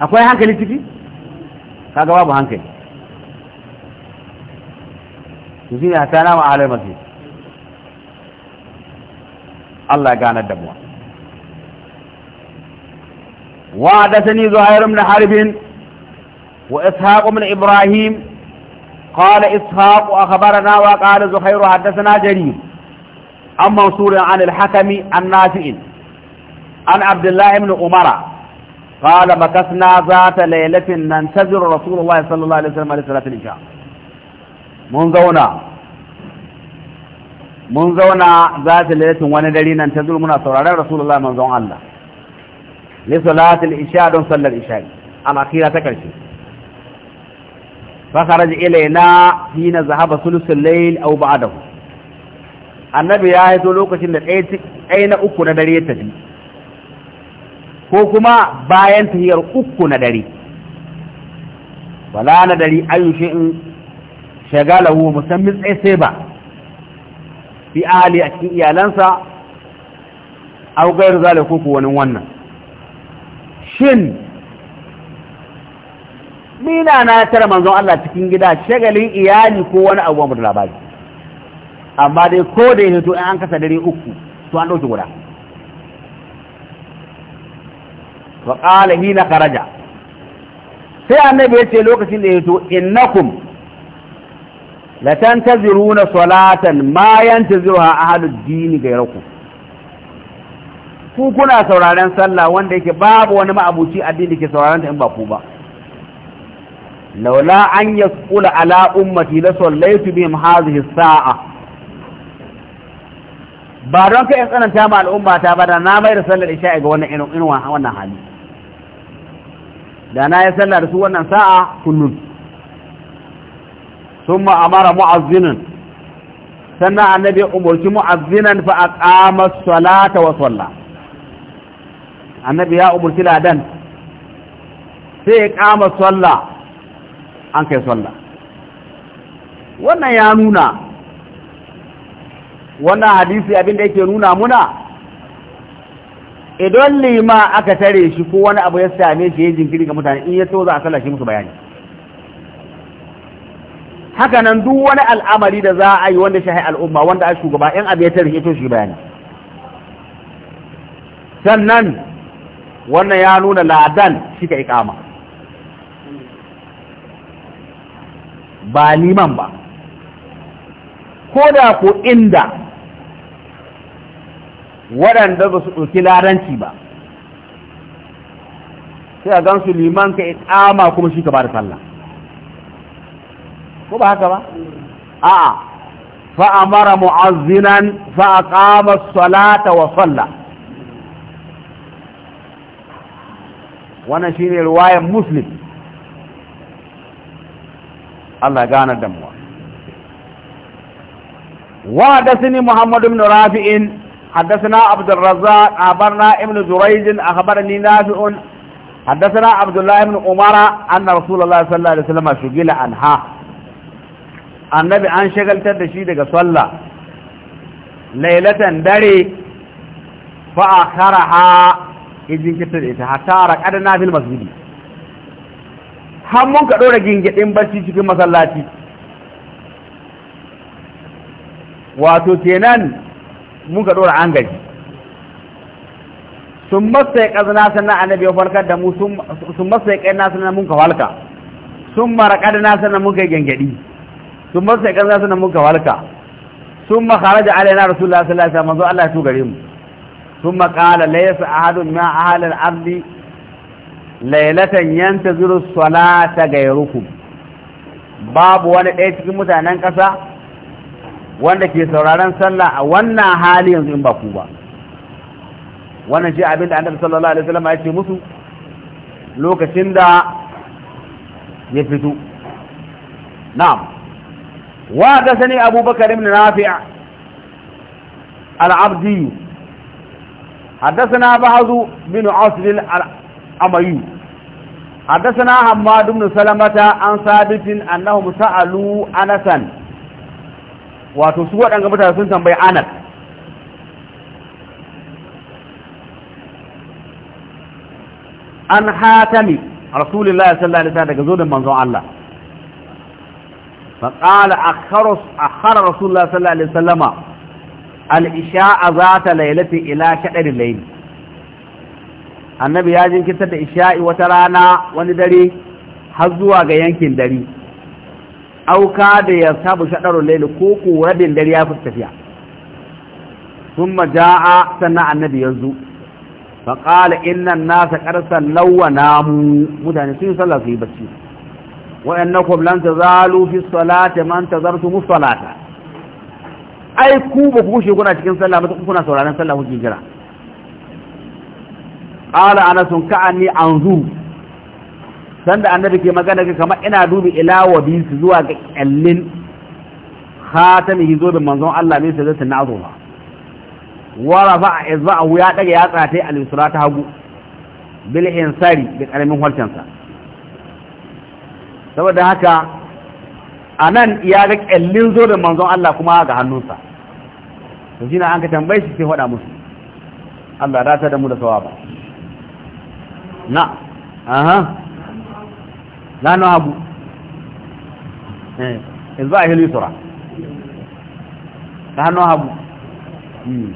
akwai hankali ciki kaga babu hankali to shi ne hatana ma alai masjid الله كان الدبوة وعدثني زهير من حرب وإسحاق من إبراهيم قال إسحاق وأخبرنا وقال زهير حدثنا جريم عن منصور عن الحكم الناشئ عن عبد الله بن عمر قال مكثنا ذات ليلة ننتظر رسول الله صلى الله عليه وسلم لصلاة الإنشاء منذ هنا mun zauna za ta wani dare nan ta zuru muna sauraron rasulullah manzon Allah li salatul isha don sallar isha al-akhira ta karshe fa kharaja ilayna hina zahaba sulusul layl aw ba'dahu annabi ya haito lokacin da ɗaya na uku na dare ya tafi ko kuma bayan tahiyar uku na dare wala na dare ayyushin shagalahu musammin tsaye sai ba fi ali a cikin iyalansa aw gairu zalika ko wani wannan shin mina na tara manzon Allah cikin gida shagalin iyali ko wani abuwa da labari amma dai ko da ya to an kasa dare uku to an dauki guda wa qala hina ƙaraja. sai annabi ce lokacin da ya to innakum la tantaziruna salatan ma a halin dini gairaku ku kuna sauraren sallah wanda yake babu wani ma'abuci addini ke sauraren ta in ba ku ba laula an kula ala ummati la sallaitu bihim hadhihi saa ba don ka in tsananta ma al'umma ta ba da na mai da sallar isha ga wannan irin wannan hali da na yi sallar su wannan sa'a kullum ثم أمر معزنا سنة النبي أمرك معزنا فأقام الصلاة وصلى النبي يا أمرك لا دن sai kama sallah an kai sallah wannan ya nuna wannan hadisi abinda yake nuna muna idan lima aka tare shi ko wani abu ya same shi ya jinkiri ga mutane in ya so za a musu bayani haka nan duk wani al'amari da za a yi wanda shahi al'umma wanda a shugaba in abu ya tarihi to shi bayani sannan wannan ya nuna ladan shi ka ikama ba liman ba ko da ku inda waɗanda ba su ɗauki laranci ba sai a gansu liman ka ikama kuma shi ka ba da sallah ko ba haka ba a'a fa amara mu'azzinan fa aqama as-salata wa salla wannan shine riwayar muslim Allah gana damuwa wa hadathani muhammad ibn rafi'in hadathana abd al-razzaq abarna ibn zurayj akhbarani nafi'un حدثنا عبد الله بن عمر ان رسول الله صلى الله عليه وسلم شغل annabi an shagaltar da shi daga sallah lailatan dare fa ha idin kitar ita hatta raqadna bil masjidi har mun ka dora gingidin barci cikin masallaci wato kenan mun ka dora an gaji sun masa ya kazana sannan annabi ya farkar da mu sun masa ya kai na mun ka falka sun mara da na sannan mun ka yi sun masa ƙarza suna muka walka sun makara da alaina rasulullah sallallahu alaihi wasallam manzo Allah ya tu gare mu sun makala laysa ahadun ma ahalal ardi laylatan yantaziru salata gairukum babu wani ɗaya cikin mutanen kasa wanda ke sauraron sallah a wannan hali yanzu in ba ku ba wannan shi abin da annabi sallallahu alaihi wasallam ya ce musu lokacin da ya fito na'am وحدثني أبو بكر بن نافع العبدي حدثنا بعض بن عصر الأمي حدثنا حماد بن سلمة عن ثابت أنهم سألوا أنسا وتسوى أن قمت رسولة بأنس an hatami rasulullahi sallallahu alaihi wasallam daga zo da manzon Allah فقال أخر, أخر رسول الله صلى الله عليه وسلم الإشاء ذات ليلة إلى شعر annabi ya jinkirta da isha'i wata rana wani dare har zuwa ga yankin dare auka da ya sabu shaɗarun laili ko ko rabin dare ya tafiya sun a sannan annabi ya zo faƙala innan nasa ƙarsan nawa namu mutane sun yi sallah su yi bacci wa'annakum lan tazalu fi ssalati man tazartum ssalata ai ku ba ku shi cikin sallah kuna sauraron sallah kuke jira qala anasun ka'ani anzu sanda annabi ke magana kamar ina dubi ila wa bi zuwa ga kallin khatamihi zo da manzon Allah ne sai zata nazo ba wa rafa izba ya daga ya tsate al-salata hagu bil insari bi karamin halcansa saboda haka a nan ya ga kyallin zo da manzon Allah kuma ga hannunsa to shi na an ka tambaye shi sai faɗa musu Allah rata da mu da ba na aha na eh, na abu eh in za a hili sura ta na abu hmm.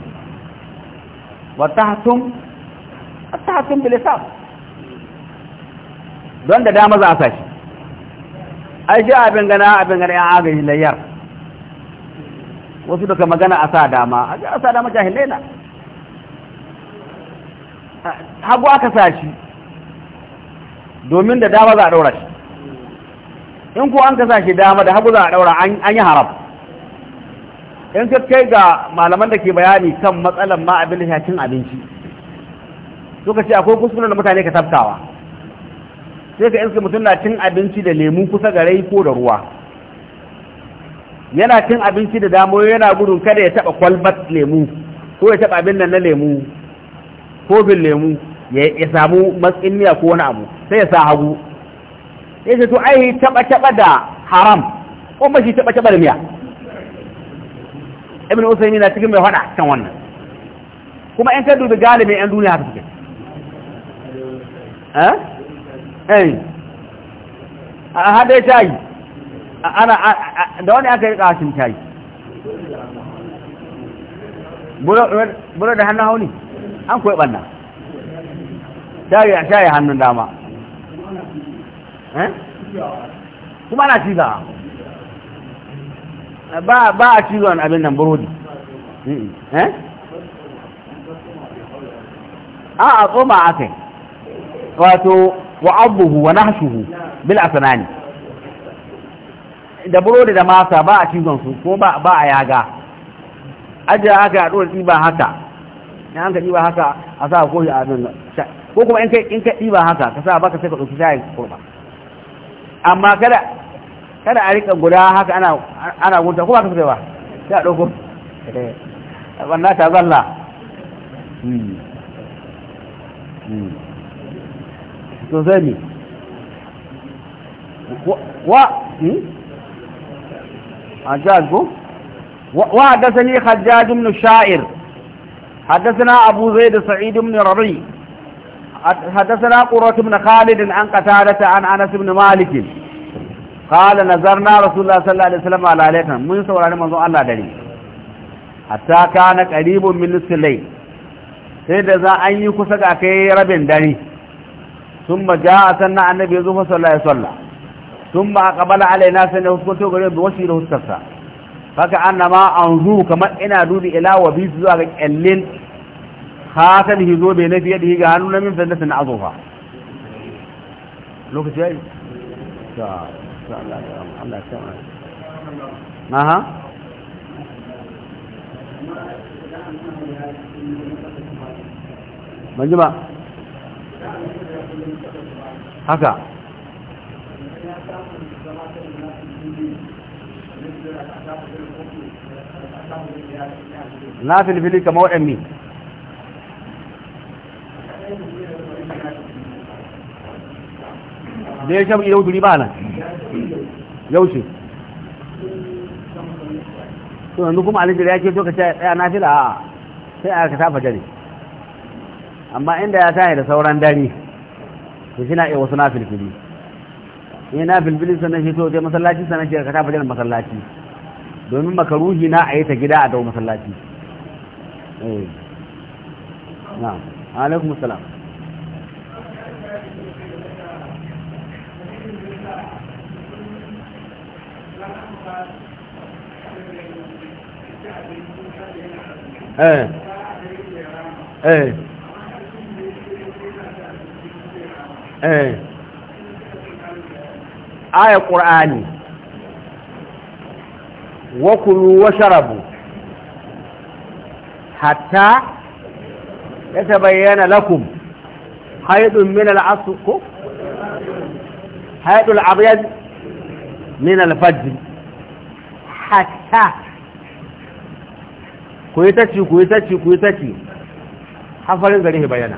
wa hatun tahtum hatun bilisa don da dama za a sashi ai shi abin gana abin gana yan agaji layar wasu daga magana a sa dama a ga sa dama jahilai na hagu aka sa shi domin da dama za a ɗaura shi in ko an ka sa shi dama da hagu za a ɗaura an yi haram in ka kai ga malaman da ke bayani kan matsalan ma abin da cin abinci suka ce akwai kusurin da mutane ka tabtawa sai ka iska mutum na cin abinci da lemu kusa ga rai ko da ruwa yana cin abinci da damo yana gudun kada ya taba kwalbat lemu ko ya taba abin nan na lemu kofin lemu ya samu matsin miya ko wani abu sai ya sa hagu ya ce to ai taba taba da haram ko ba shi taba taba da miya ibn usaymi na cikin mai fada kan wannan kuma in ka dubi galibin yan duniya haka suke eh eh a hade na ana da wani aka rika shin tayi buro da hannun hauni an koyi banna tayi hannun dama eh? kuma na ciza ba a cizon abin nan burodi eh a a tsoma ake wato wa abuhu wa nahshuhu bil asnani da burodi da masa ba a cizon ko ba a yaga ajiya haka a ɗora ɗiba haka in an ka ɗiba haka a sa ko a abin ko kuma in ka ɗiba haka ka sa baka sai ka ɗauki shayin kurba amma kada kada a riƙa guda haka ana ana gunta ko ba ka sai ba sai a ɗauko eh, wannan ta zalla hmm. Hmm. to zai ne wa حجاج وحدثني خجاج بن الشاعر حدثنا أبو زيد سعيد بن ربيع حدثنا قرة بن خالد عن قتادة عن أنس بن مالك قال نظرنا رسول الله صلى الله عليه وسلم على عليكم من سورة منظور الله دليل حتى كان قريب من نصف الليل sai da za an yi kusa ga kai rabin dare ثم جاء سنة النبي يزوم صلى الله عليه وسلم ثم أقبل علينا سنة وسكنته قريب بوسيله السفسة فكأنما أنظوه كما إنا دود إلا وبيس ذلك اللين خاتمه ذو بين في يده قانون من فلسة عظوها لوك شيء شاء ما ها من جمع haka na filfili kamar waɗanne da ya shafi yau duri ba nan yaushe to yanzu kuma alijir ya ce to ka tsaya na fila a sai aka tafa dare amma inda ya sa da sauran dare to shi na iya wasu nafil fili in na filfilin sannan shi to je masallaci sannan shi ka tafi masallaci domin makaruhi na a yi ta gida a dau masallaci eh. na alaikum salam eh eh Eh. aya ƙur'ani wa kulu wa sharabu hatta ya bayyana lakum haidun min al'asu ko haidul abyad min al-fajr hatta ku yi ci ku yi ci ku yi ci hafarin gari bayana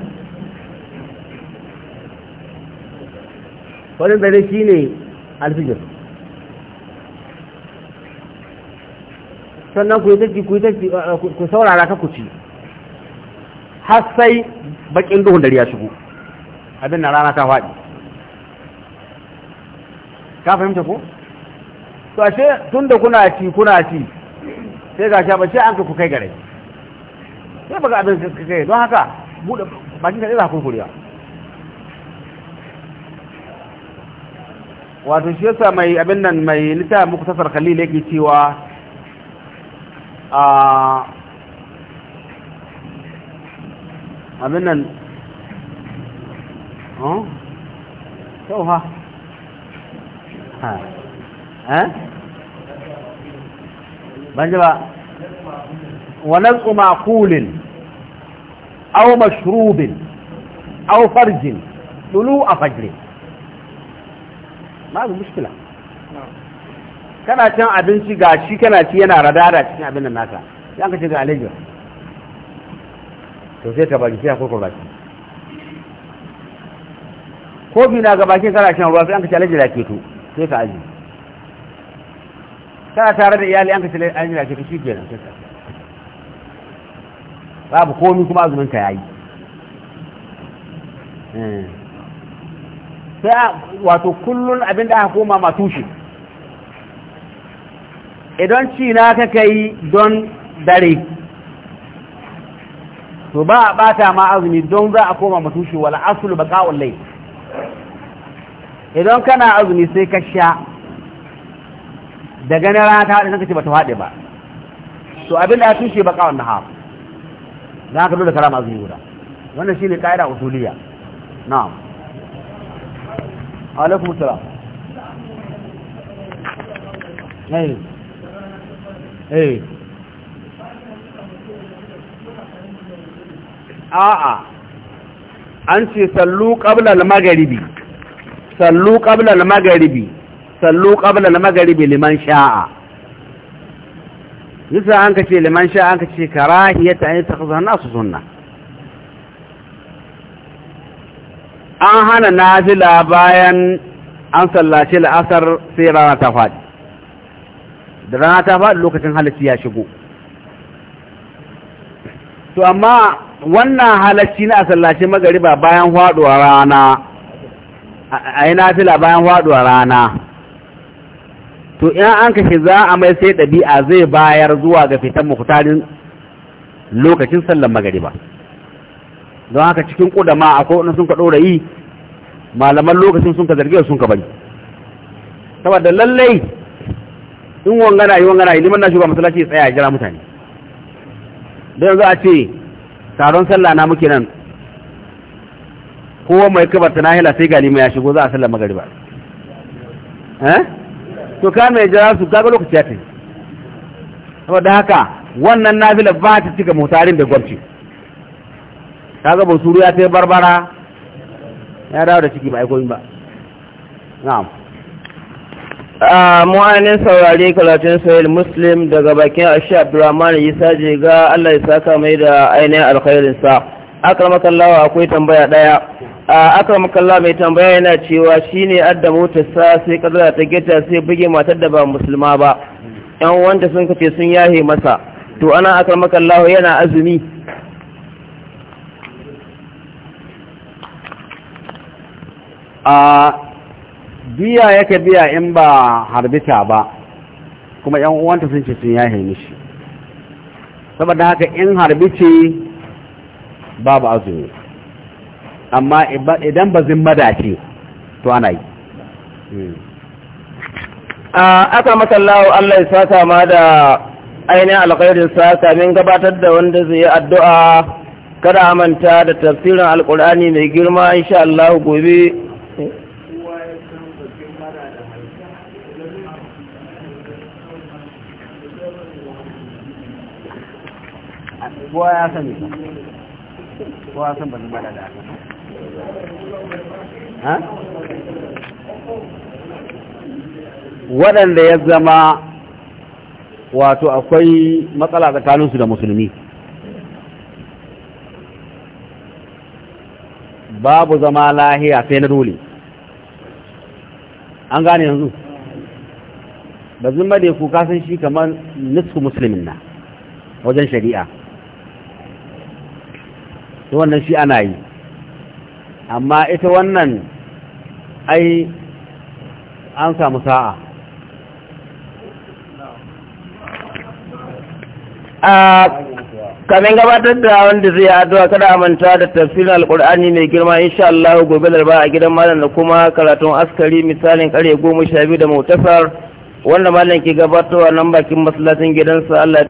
farin dare shi ne alfijir sannan ku yi tafi ku yi tafi ku saurara ka kuci ci har sai bakin duhun dare ya shigo abin na rana ta faɗi ka fahimta ko to ashe tun da kuna ci kuna ci sai ga sha bace an ku kai gare sai baka abin kai don haka bude bakin ka za ku kuriya wato shi yasa mai abin nan mai littafin muku tasar khalil yake cewa a ah, abin nan oh so ha ha eh banje ba wa kuma kulin aw mashrubin aw farjin dulu a fajrin babu mushkila kana cin abinci ga shi kana ci yana radara cikin abin da naka yan ka ci ga alejo to sai ka baki sai akwai baki ko bi na ga baki kana shan ruwa sai an ka ci da ke to sai ka aji kana tare da iyali an ka ci da ke to shi ke nan ka babu komi kuma azumin ka yayi eh. sai wato kullun abin da aka koma masu idan ci na ka kai don dare to ba a bata ma azumi don za a koma ma tushe, wala asulu baka ulai idan kana azumi sai ka sha da na rana ta haɗe ce ba ta haɗe ba to abin da tushe ba kawon na hafu za ka kara ma azumi guda wannan shine ƙa'ida usuliya na'am alaikum salam eh eh a'a an ce sallu qabla al-maghribi sallu qabla al-maghribi sallu qabla al-maghribi liman sha'a nisa an ka ce liman sha'a an ka kace karahiyata an takhudha nasu sunnah an hana nafila bayan an sallaci la'asar sai rana ta faɗi da rana ta faɗi lokacin halacci ya shigo to amma wannan halacci na a sallaci magariba bayan faɗuwa rana a yi nafila bayan faɗuwa rana to in an kashe za a mai sai ɗabi'a zai bayar zuwa ga fitan muktarin lokacin sallan magariba don haka cikin kudama akwai wani sun ka ɗora yi malaman lokacin sun ka zargi sun ka bari saboda lallai in wangana yi wangana yi liman na shugaba masallaci ya tsaya a jira mutane da yanzu a ce taron sallah na muke nan kowa mai kabarta na hila sai mai ya shigo za a sallah magari ba eh? to ka mai jira su kaga lokaci ya yi saboda haka wannan nafilar ba ta cika mutarin da gwamnati kaga suru ya ta barbara ya dawo da ciki ba ba na'am ah, mu'anin saurari karatun sahil muslim daga bakin ashe abdurrahman isa jiga allah ya saka mai da ainihin alkhairinsa akramakallah akwai tambaya daya ah, akramakallah mai tambaya yana cewa shine adda motarsa sai kadara ta gita sai buge matar da ba musulma ba yan wanda sun kace sun yahe masa to ana akramakallah yana azumi a biya yake biya in ba harbita ba kuma yan uwanta sun ce sun yahe mishi saboda haka in harbice babu azumi amma idan ba zin ce to ana yi hmm. aka matallawa Allah ya sata ma da ainihin alkhairin sa kamin gabatar da wanda zai yi addu'a kada manta da tafsirin alkur'ani mai girma insha Allah gobe kowa ya sani ta kowa san ba zuba da da ha waɗanda ya zama wato akwai matsala tsakaninsu da musulmi babu zama lahiya sai na dole an gane yanzu ba zumba da ya kuka san shi kamar nisku musulmin na wajen shari'a to wannan shi ana yi amma ita wannan ai an samu sa'a a kamin gabatar da wanda zai addu'a kada manta da tafsirin alkur'ani mai girma insha Allah gobe da a gidan malam da kuma karatun askari misalin kare goma sha da mautasar wanda malam ke gabatarwa nan bakin masallacin gidansa Allah